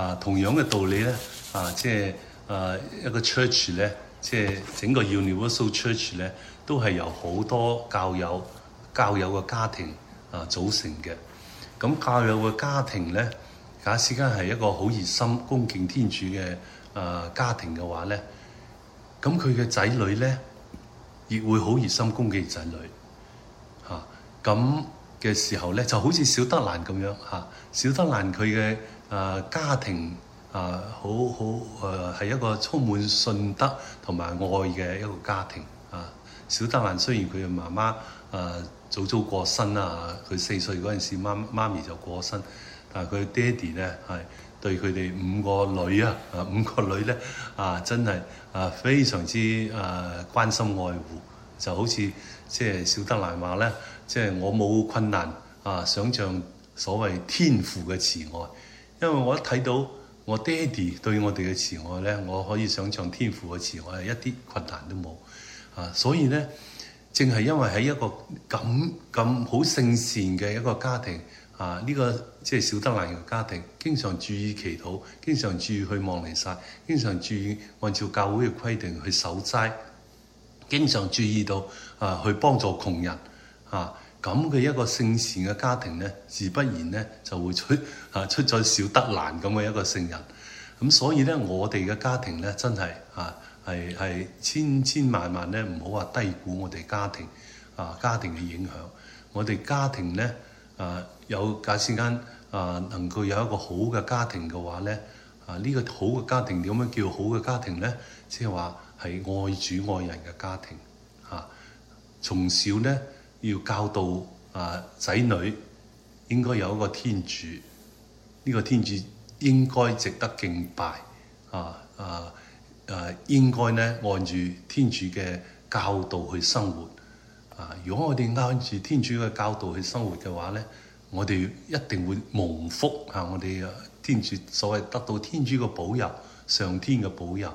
啊，同樣嘅道理咧，啊，即係啊一個 church 咧，即係整個 universal church 咧，都係由好多教友教友嘅家庭啊組成嘅。咁、啊、教友嘅家庭咧，假使間係一個好熱心恭敬天主嘅啊家庭嘅話咧。咁佢嘅仔女呢，亦會好熱心供給仔女，嚇咁嘅時候呢，就好似小德蘭咁樣嚇、啊。小德蘭佢嘅誒家庭啊，好好誒係、啊、一個充滿信德同埋愛嘅一個家庭啊。小德蘭雖然佢嘅媽媽誒早早過身啊，佢四歲嗰陣時，媽媽咪就過身，但係佢爹哋呢。係。對佢哋五個女啊，啊五個女咧啊，真係啊非常之誒啊關心愛護，就好似即係小德蘭話咧，即係我冇困難啊，想像所謂天父嘅慈愛，因為我一睇到我爹哋對我哋嘅慈愛咧，我可以想像天父嘅慈愛係一啲困難都冇啊，所以咧正係因為喺一個咁咁好聖善嘅一個家庭。啊！呢、這個即係、就是、小德蘭嘅家庭，經常注意祈禱，經常注意去望彌撒，經常注意按照教會嘅規定去守齋，經常注意到啊去幫助窮人啊咁嘅一個聖善嘅家庭呢，自不然呢就會出啊出咗小德蘭咁嘅一個聖人。咁、啊、所以呢，我哋嘅家庭呢，真係啊係係千千萬萬呢唔好話低估我哋家庭啊家庭嘅影響。我哋家庭呢。啊～啊啊啊啊有假設間啊，能夠有一個好嘅家庭嘅話咧，啊呢個好嘅家庭點樣叫好嘅家庭咧？即係話係愛主愛人嘅家庭嚇、啊。從小咧要教導啊仔女應該有一個天主，呢個天主應該值得敬拜啊啊誒、啊，應該咧按住天主嘅教導去生活啊。如果我哋按住天主嘅教導去生活嘅話咧，我哋一定會蒙福嚇，我哋天主所謂得到天主嘅保佑、上天嘅保佑。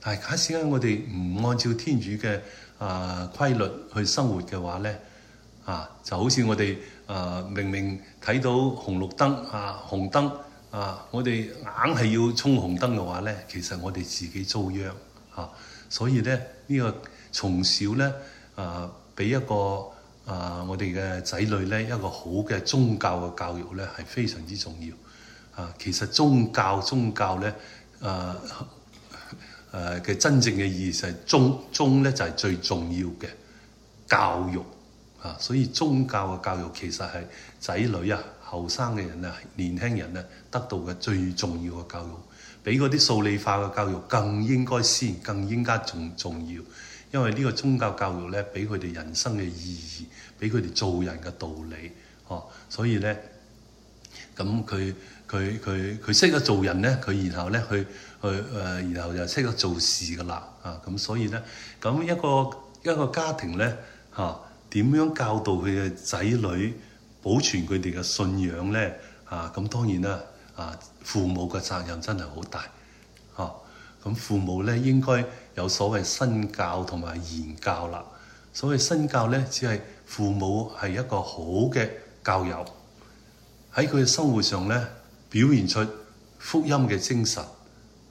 但係假使我哋唔按照天主嘅啊規律去生活嘅話咧，啊就好似我哋啊明明睇到紅綠燈啊紅燈啊，我哋硬係要衝紅燈嘅話咧，其實我哋自己遭殃嚇、啊。所以咧呢、這個從小咧啊俾一個。啊！我哋嘅仔女咧，一個好嘅宗教嘅教育咧，係非常之重要。啊，其實宗教宗教咧，啊誒嘅、啊、真正嘅意義係宗宗咧就係、是、最重要嘅教育。啊，所以宗教嘅教育其實係仔女啊、後生嘅人啊、年輕人啊得到嘅最重要嘅教育，比嗰啲數理化嘅教育更應該先，更應該重重要。因為呢個宗教教育呢，俾佢哋人生嘅意義，俾佢哋做人嘅道理，哦、啊，所以呢，咁佢佢佢佢識得做人呢，佢然後呢，去去誒，然後就識得做事㗎喇，啊，咁所以呢，咁一個一個家庭呢，嚇、啊、點樣教導佢嘅仔女，保存佢哋嘅信仰呢？啊，咁當然啦，啊，父母嘅責任真係好大，咁、啊、父母呢，應該，有所謂身教同埋言教啦。所謂身教咧，只係父母係一個好嘅教友，喺佢嘅生活上咧，表現出福音嘅精神，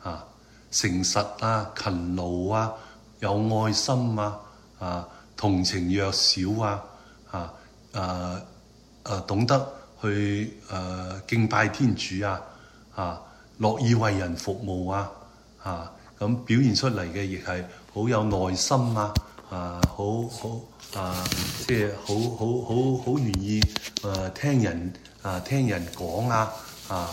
啊，誠實啊，勤勞啊，有愛心啊，啊，同情弱小啊，啊，啊，懂得去誒、啊、敬拜天主啊，啊，樂意為人服務啊，啊。咁表現出嚟嘅亦係好有耐心啊！啊，好好啊，即係好好好好願意啊，聽人啊，聽人講啊，啊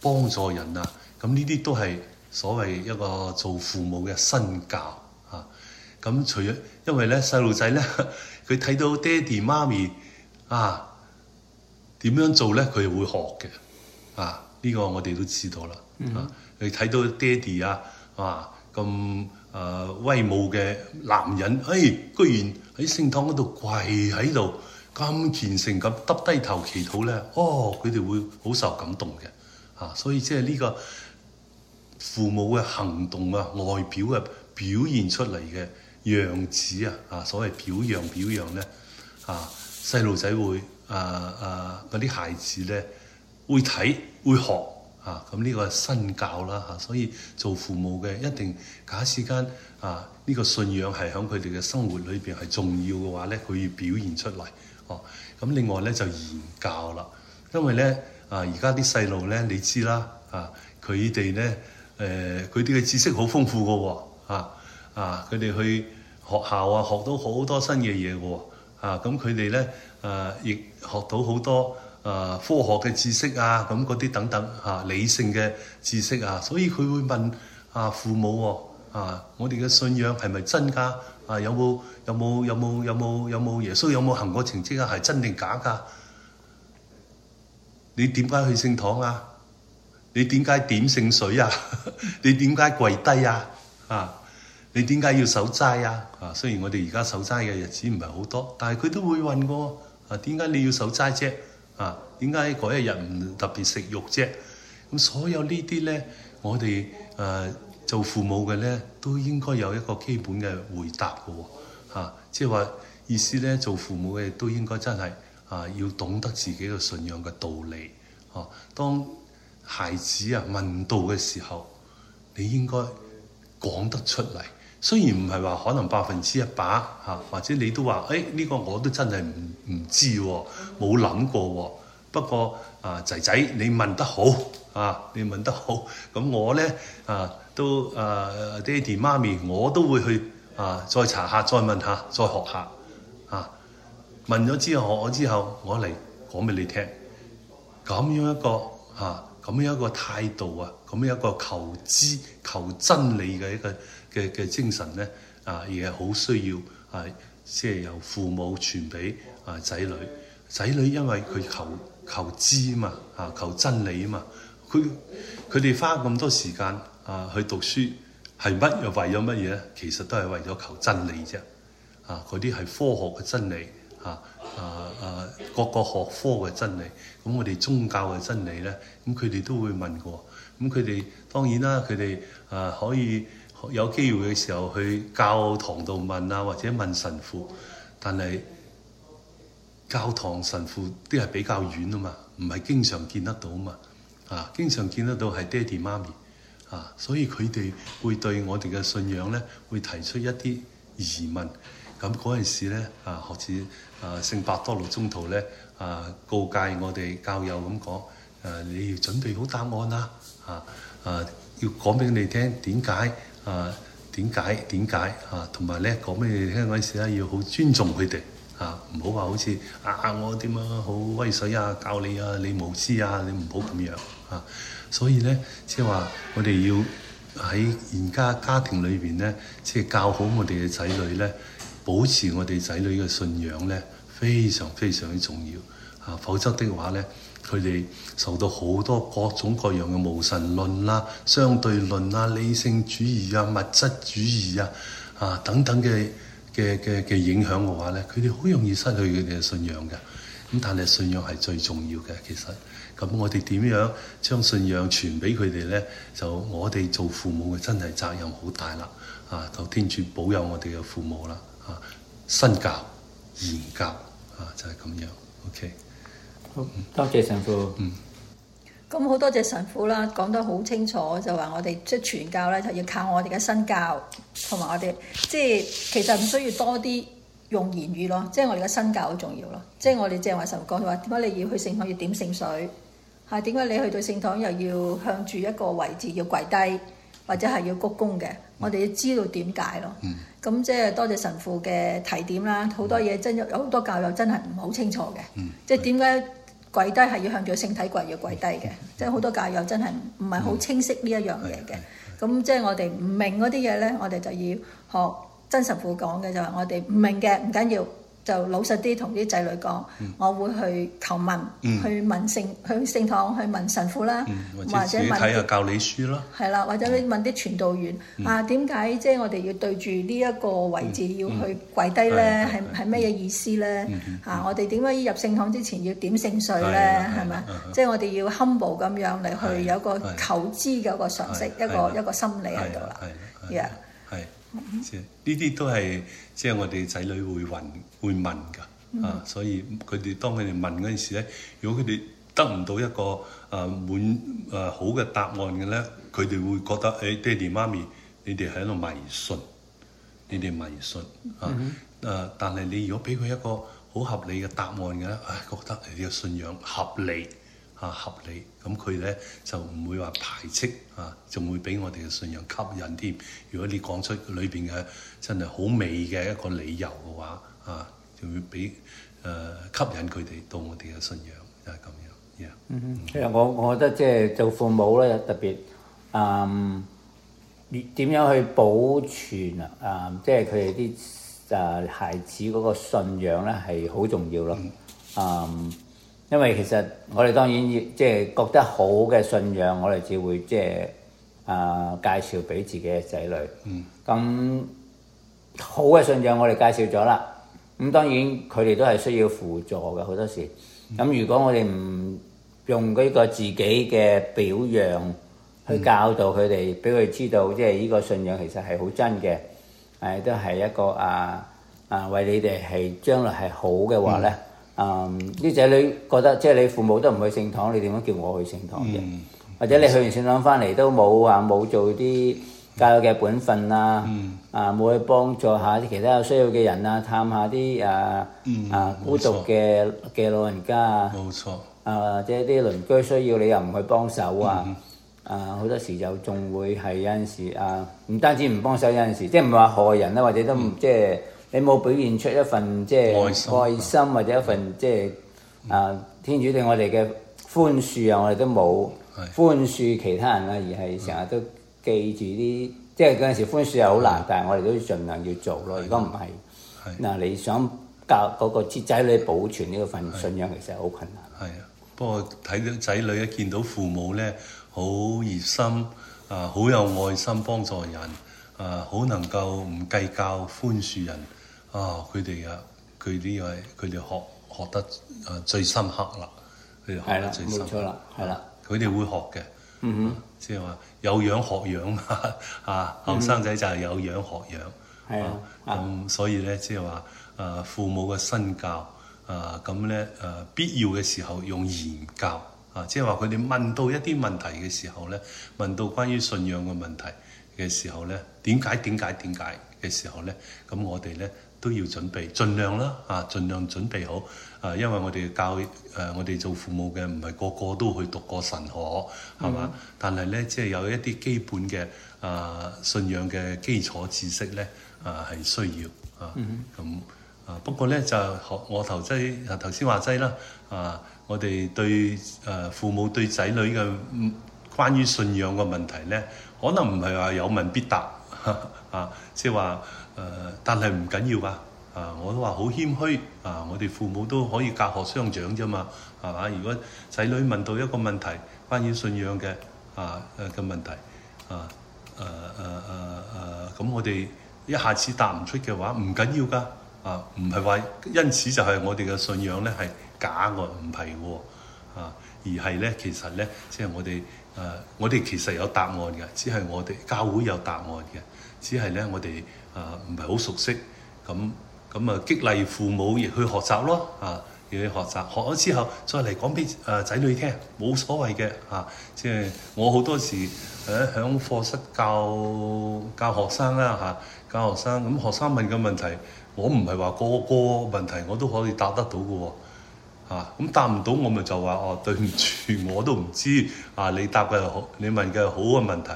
幫助人啊。咁呢啲都係所謂一個做父母嘅身教啊。咁除咗因為咧細路仔咧，佢睇到爹哋媽咪啊點樣做咧，佢會學嘅啊。呢個我哋都知道啦。啊佢睇到爹哋啊～咁誒、啊呃、威武嘅男人，誒、哎、居然喺聖堂嗰度跪喺度，咁虔誠咁耷低頭祈禱咧，哦！佢哋會好受感動嘅，嚇、啊！所以即係呢個父母嘅行動啊，外表嘅表現出嚟嘅樣子啊，啊所謂表揚表揚咧，啊細路仔會誒誒嗰啲孩子咧會睇、啊啊、會，會學。啊，咁、這、呢個係身教啦，嚇，所以做父母嘅一定假使間啊，呢、這個信仰係喺佢哋嘅生活裏邊係重要嘅話咧，佢要表現出嚟，哦、啊。咁、啊、另外咧就言教啦，因為咧啊，而家啲細路咧你知啦，啊，佢哋咧誒，佢哋嘅知識好豐富㗎喎、哦，啊啊，佢哋去學校啊學到好多新嘅嘢㗎喎，啊，咁佢哋咧誒亦學到好多。啊！科學嘅知識啊，咁嗰啲等等嚇、啊，理性嘅知識啊，所以佢會問啊，父母喎啊，啊，我哋嘅信仰係咪真㗎？啊，有冇有冇有冇有冇有冇耶穌有冇行過神蹟啊？係真定假㗎？你點解去聖堂啊？你點解點聖水啊？ *laughs* 你點解跪低啊？啊，你點解要守齋啊？啊，雖然我哋而家守齋嘅日子唔係好多，但係佢都會問我啊，點、啊、解你要守齋啫？啊！點解嗰一日唔特別食肉啫？咁所有呢啲咧，我哋誒、啊、做父母嘅咧，都應該有一個基本嘅回答嘅喎、嚇。即係話意思咧，做父母嘅都應該真係啊，要懂得自己嘅信仰嘅道理。哦、啊，當孩子啊問到嘅時候，你應該講得出嚟。雖然唔係話可能百分之一百嚇，或者你都話誒呢個我都真係唔唔知、喎，冇諗過、喎。不過啊，仔、呃、仔你問得好啊，你問得好咁，我咧啊都啊，爹哋媽咪我都會去啊，再查下，再問下，再學下啊。問咗之後我之後，我嚟講畀你聽。咁樣一個嚇，啊，咁樣一個態度啊，咁樣一個求知求真理嘅一個。嘅嘅精神咧，啊，亦係好需要啊，即係由父母傳俾啊仔女。仔女因為佢求求知嘛，啊，求真理啊嘛，佢佢哋花咁多時間啊去讀書，係乜又為咗乜嘢？其實都係為咗求真理啫。啊，嗰啲係科學嘅真理，啊啊啊，各個學科嘅真理。咁我哋宗教嘅真理咧，咁佢哋都會問過。咁佢哋當然啦，啊，佢哋啊可以。有機會嘅時候去教堂度問啊，或者問神父，但係教堂神父都係比較遠啊嘛，唔係經常見得到啊嘛。啊，經常見得到係爹哋媽咪啊，所以佢哋會對我哋嘅信仰咧會提出一啲疑問。咁嗰陣時咧啊，學似啊聖伯多祿宗徒咧啊告誡我哋教友咁講誒，你要準備好答案啦啊啊，啊，要講畀你聽點解。啊，點解點解啊？同埋咧講俾你聽嗰陣時咧，要好尊重佢哋啊！唔好話好似啊，我點樣好、啊、威水啊，教你啊，你無知啊，你唔好咁樣啊！所以咧，即係話我哋要喺而家家庭裏邊咧，即係教好我哋嘅仔女咧，保持我哋仔女嘅信仰咧，非常非常之重要啊！否則的話咧，佢哋受到好多各種各樣嘅無神論啦、啊、相對論啦、啊、理性主義啊、物質主義啊、啊等等嘅嘅嘅嘅影響嘅話咧，佢哋好容易失去佢哋嘅信仰嘅。咁但係信仰係最重要嘅，其實咁我哋點樣將信仰傳俾佢哋咧？就我哋做父母嘅真係責任好大啦！啊，就天主保佑我哋嘅父母啦！啊，身教、言教啊，就係、是、咁樣。OK。多謝神父。咁、嗯嗯、好多謝神父啦，講得好清楚，就話我哋即係傳教咧，就要靠我哋嘅身教，同埋我哋即係其實唔需要多啲用言語咯，即、就、係、是、我哋嘅身教好重要咯。即係我哋正話神父話點解你要去聖堂要點聖水，係點解你去到聖堂又要向住一個位置要跪低，或者係要鞠躬嘅，我哋要知道點解咯。咁即係多謝神父嘅提點啦，好多嘢真、嗯、有好多教友真係唔好清楚嘅，即係點解。嗯跪低係要向住聖體跪，要跪低嘅，mm hmm. 即係好多教友真係唔係好清晰呢一樣嘢嘅。咁、hmm. mm hmm. 即係我哋唔明嗰啲嘢咧，mm hmm. 我哋就要學真神父講嘅，就係、我係我哋唔明嘅唔緊要。就老實啲同啲仔女講，我會去求問，去問聖去聖堂去問神父啦，或者睇教理書啦，係啦，或者你問啲傳道員啊，點解即係我哋要對住呢一個位置要去跪低咧？係係咩嘢意思咧？啊，我哋點解入聖堂之前要點聖水咧？係咪？即係我哋要 humble 咁樣嚟去有一個求知嘅一個常識，一個一個心理喺度啦，係。呢啲都係即係我哋仔女會問會問噶、mm hmm. 啊，所以佢哋當佢哋問嗰陣時咧，如果佢哋得唔到一個啊滿啊好嘅答案嘅咧，佢哋會覺得誒、欸，爹哋媽咪你哋喺度迷信，你哋迷信啊，誒、mm hmm. 啊，但係你如果俾佢一個好合理嘅答案嘅咧，唉、哎，覺得你嘅信仰合理。吓、啊、合理，咁佢咧就唔會話排斥吓，仲、啊、會俾我哋嘅信仰吸引添。如果你講出裏邊嘅真係好美嘅一個理由嘅話，吓、啊、就會俾誒、呃、吸引佢哋到我哋嘅信仰，就係、是、咁樣。嗯，其實我我覺得即係做父母咧，特別誒點樣去保存、嗯、啊，即係佢哋啲誒孩子嗰個信仰咧，係好重要咯。嗯。嗯。因為其實我哋當然即係覺得好嘅信仰，我哋只會即係啊介紹俾自己嘅仔女。咁、嗯、好嘅信仰，我哋介紹咗啦。咁當然佢哋都係需要輔助嘅，好多時。咁、嗯、如果我哋唔用嗰個自己嘅表揚去教導佢哋，俾佢哋知道即係呢個信仰其實係好真嘅。誒，都係一個啊啊，為你哋係將來係好嘅話咧。嗯誒啲仔女覺得，即係你父母都唔去聖堂，你點樣叫我去聖堂嘅？嗯、或者你去完聖堂翻嚟都冇啊冇做啲教育嘅本分、嗯、啊，啊！啊冇去幫助下其他有需要嘅人啊，探下啲誒誒孤獨嘅嘅老人家啊！冇錯、嗯、啊，即係啲鄰居需要你又唔去幫手啊！嗯、啊好多時就仲會係有陣時啊，唔單止唔幫手，有陣時即係唔係話害人啊，或者都唔即係。你冇表現出一份即係愛心或者一份即係、嗯、啊天主對我哋嘅寬恕啊，我哋都冇寬恕其他人啊，對 而係成日都記住啲即係嗰陣時寬恕又好難，對 但係我哋都要盡量要做咯。如果唔係，嗱對 你想教嗰個仔女保存呢對 個份信仰，其實好困難。係啊，不過睇到仔女一見到父母咧，好熱心啊，好有愛心幫助人啊，好、啊啊、能夠唔計較寬恕人。啊！佢哋啊，佢呢個佢哋學學得啊最深刻啦。佢哋學得最深刻，係啦的。佢哋、啊、會學嘅，嗯即係話有樣學樣 笑 Connie 啊。後生仔就係有樣學樣，係咁、嗯、所以咧，即係話啊，父母嘅身教啊，咁咧啊，必要嘅時候用言教啊，即係話佢哋問到一啲問題嘅時候咧，問到關於信仰嘅問題嘅時候咧，點解點解點解嘅時候咧，咁我哋咧。都要準備，儘量啦嚇，儘、啊、量準備好。啊，因為我哋教誒、啊，我哋做父母嘅唔係個個都去讀過神學，係嘛、mm hmm.？但係咧，即、就、係、是、有一啲基本嘅啊信仰嘅基礎知識咧，啊係需要啊。咁、mm hmm. 啊，不過咧就學我頭仔頭先話齋啦。啊，我哋對誒父母對仔女嘅關於信仰嘅問題咧。可能唔係話有問必答 *laughs* 啊，即係話誒，但係唔緊要㗎啊！我都話好謙虛啊，我哋父母都可以教學相長啫嘛，係、啊、嘛？如果仔女問到一個問題關於信仰嘅啊誒嘅問題啊誒誒誒誒，咁、啊啊啊啊啊啊嗯、我哋一下子答唔出嘅話，唔緊要㗎啊，唔係話因此就係我哋嘅信仰咧係假嘅唔係喎啊，而係咧其實咧即係我哋。我哋其實有答案嘅，只係我哋教會有答案嘅，只係咧我哋唔係好熟悉，咁咁啊激勵父母亦去學習咯，啊，去學習，學咗之後再嚟講畀仔女聽，冇所謂嘅，啊，即係我好多時喺響課室教教學生啦，嚇教學生，咁學，學生問嘅問題，我唔係話個個問題我都可以答得到嘅。啊，咁、嗯、答唔到我咪就話哦，對唔住，我都唔知啊。你答嘅好，你問嘅好嘅問題。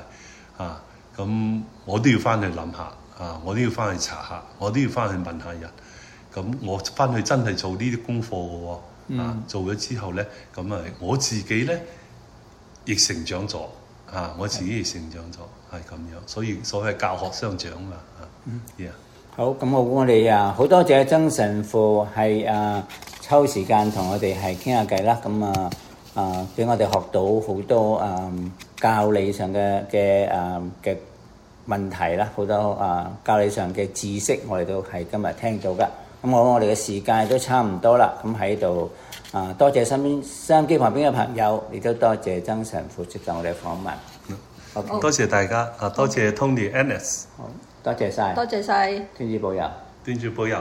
啊，咁我都要翻去諗下，啊，我都要翻去、啊、去查下，我都要翻去問下人。咁、啊、我翻去真係做呢啲功課嘅喎。啊，做咗之後咧，咁啊、嗯、啊，我自己咧亦成長咗。啊，我自己亦成長咗，係咁、嗯、樣。所以所謂教學相長嘛啊。嗯、yeah。好，咁我估我哋啊，好多謝曾神父係啊。抽時間同我哋係傾下偈啦，咁啊啊俾我哋學到好多啊教理上嘅嘅啊嘅問題啦，好多啊教理上嘅知識，我哋都係今日聽到㗎。咁我我哋嘅時間都差唔多啦，咁喺度啊，多謝身邊收音機旁邊嘅朋友，亦都多謝曾神父接受我哋訪問。多謝大家啊，多謝 Tony Alice，多謝晒，多謝晒，天主保佑，天主保佑。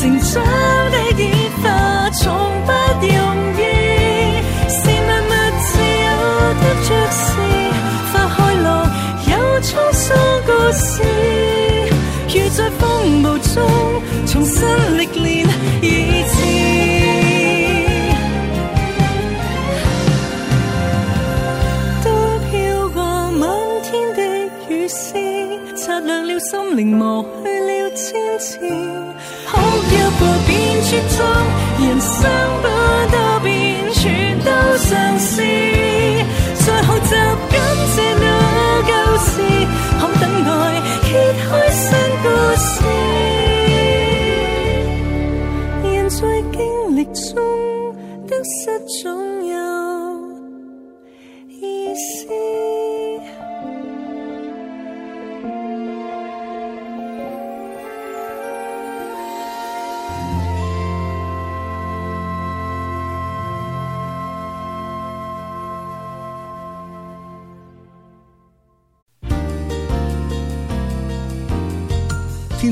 成長的演化從不容易，是萬物自有得著時，花開落有滄桑故事，如在風暴中重新。人生不多變，全都嘗試。 *noise*